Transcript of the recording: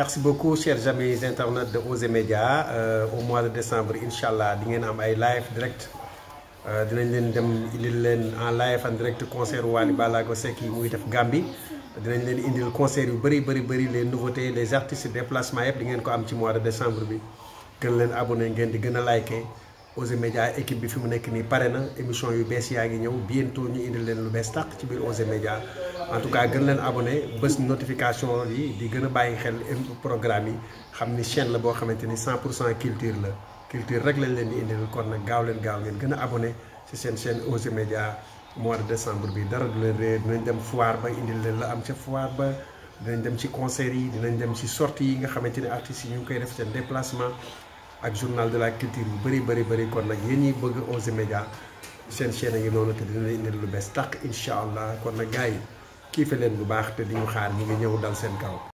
merci beaucoup chers amis internautes de Ose Media euh, au mois de décembre Inshallah, vous di live direct euh, Nous allons dem en live en direct concert Wally Balago Seki qui est def Gambie dinañ leen indil concert yu Bari Bari, les nouveautés les artistes déplacement yëpp di ngeen ko am mois de décembre bi gën abonner, abonné ngeen di Ose Media, liké Oser Média équipe bi fi mu nekk émission yu bientôt ñu indil leen lu bees ci Média en tout cas gën leen abonné bés notification yi di gën a bàyyi xel programme yi xam ni chaîne la boo xamante ni 100 pour cent culture la culture rek lañ leen di indil kon nag gaaw leen gaaw ngeen gën a abonné ci seen chaîne OG Média mois bi dara du leen dem foire ba indil leen la am ca foire ba dinañ dem ci concert yi dinañ dem ci sortie yi nga xamante ni artistes yi ñu ngi koy def seen déplacement ak journal de la culture yu bëri bëri bëri kon nag yéen ñi bëgg OG Média seen chaîne yi noonu te dina leen lu bees tàq incha allah kon nag gars yi kii fa leen bu baax te di ñu xaar ñu ngi ñëw dal seen kaw.